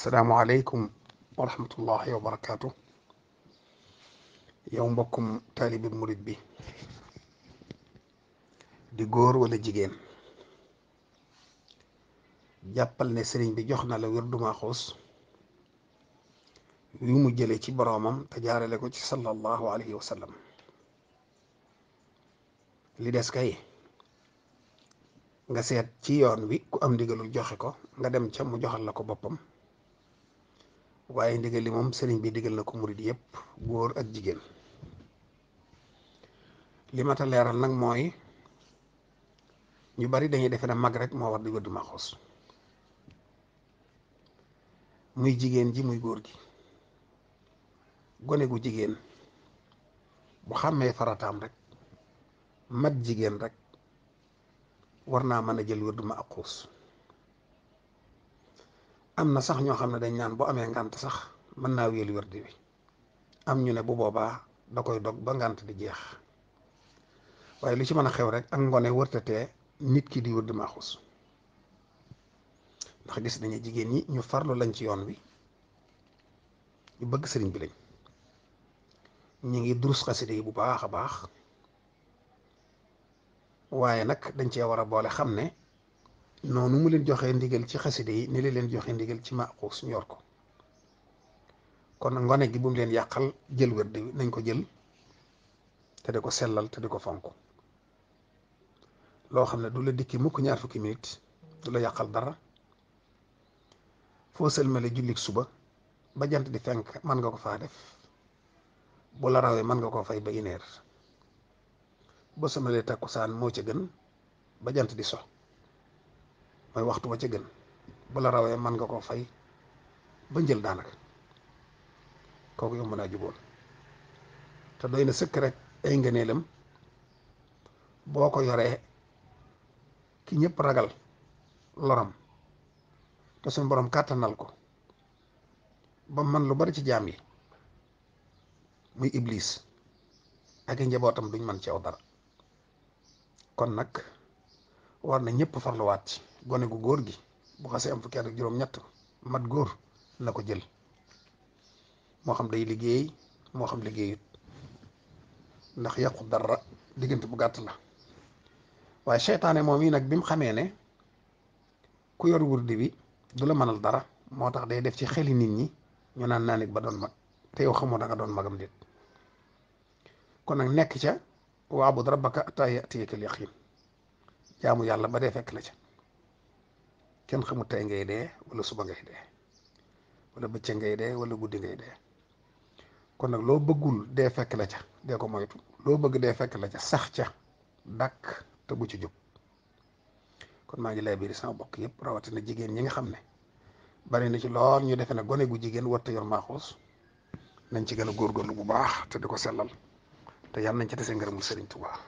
asalaamualeykum wa rahmatullahi wa barakaatu yow mbokkum taalibi murit bi di góor wala jigéen jàppal ne sëriñ bi jox na la wér duma xuus yu mu jële ci boroomam te jaarale ko ci sallallahu alayhi wa sallam li des kay nga seet ci yoon wi ku am ndigalul joxe ko nga dem ca mu joxal la ko boppam waaye ndigal li moom sëriñ bi digal na ko murit yëpp góor ak jigéen li ma ta leeral nag mooy ñu bari dañuy defe ne mag rek moo war di wëdd maxos muy jigéen ji muy góor gi gone gu jigéen bu xàmmee farataam rek mat jigéen rek war naa mën a jël wëdd ma ak xuus am na sax ñoo xam ne dañ naan boo amee ngant sax mën naa wéelu wérdi bi am ñu ne bu boobaa da koy dog ba ngant di jeex waaye lu ci mën a xew rek ak ngone wërtatee nit ki di wërdi maaxus ndax gis nañu jigéen ñi ñu farlu lañ ci yoon bi ñu bëgg sëriñ bi lañ ñu ngi durus xasida yi bu baax a baax waaye nag dañ cee war a boole xam ne noonu mu leen joxee ndigal ci xaside yi ni la leen joxe ndigal ci maaxuus ñor ko kon ngone gi bu mu leen yàqal jël wér di nañ ko jël te di ko sellal te di ko fonk loo xam ne du la dikki mukk ñaar fukki minute du la yàqal dara foo sëlmale jullik suba ba jant di fenk mën nga ko faa def bu la rawee mën nga koo fay ba ineer ba sëlmalee takkusaan moo ci gën ba jant di so mooy waxtu wa ca gën bu la rawee mën nga koo fay ba njël daanaka kooku yomb a juboon te doy na sëkk rek ay ngëneelam boo ko yoree ki ñëpp ragal loram te suñ borom kàttanal ko ba man lu bari ci jaam yi muy iblis ak i njabootam duñ man ci aw dara kon nag war na ñëpp farluwaat gone gu góor gi bu xasee am fukki at juróom-ñett mat góor la ko jël moo xam day liggéey moo xam liggéeyut ndax yàqu dara diggante bu gàtt la waaye seytaane moom yi nag bi mu xamee ne ku yor wurdi bi du la mënal dara moo tax day def ci xeli nit ñi ñu naan naa ba doon mag te yow xamoo da nga doon magam déet kon nag nekk ca waabud rabbaka hattaa ya'tiyakal yaqiin jaamu yàlla ba dee fekk la ca. kenn xamul tey ngay dee wala suba ngay dee wala ngay dee wala guddi ngay de kon nag loo bëggul dee fekk la ca de ko moytu loo bëgg dee fekk la ca sax ca dàkk te bu ci jóg kon maa ngi lay biir sama bokk yëpp rawatina jigéen ñi nga xam ne bari na ci lool ñu defe ne gone gu jigéen war te yor maaxoos nañ ci gën a lu bu baax te di ko sellal te yàlla nañ ci dese ngërëmul Sëriñ Tuubaa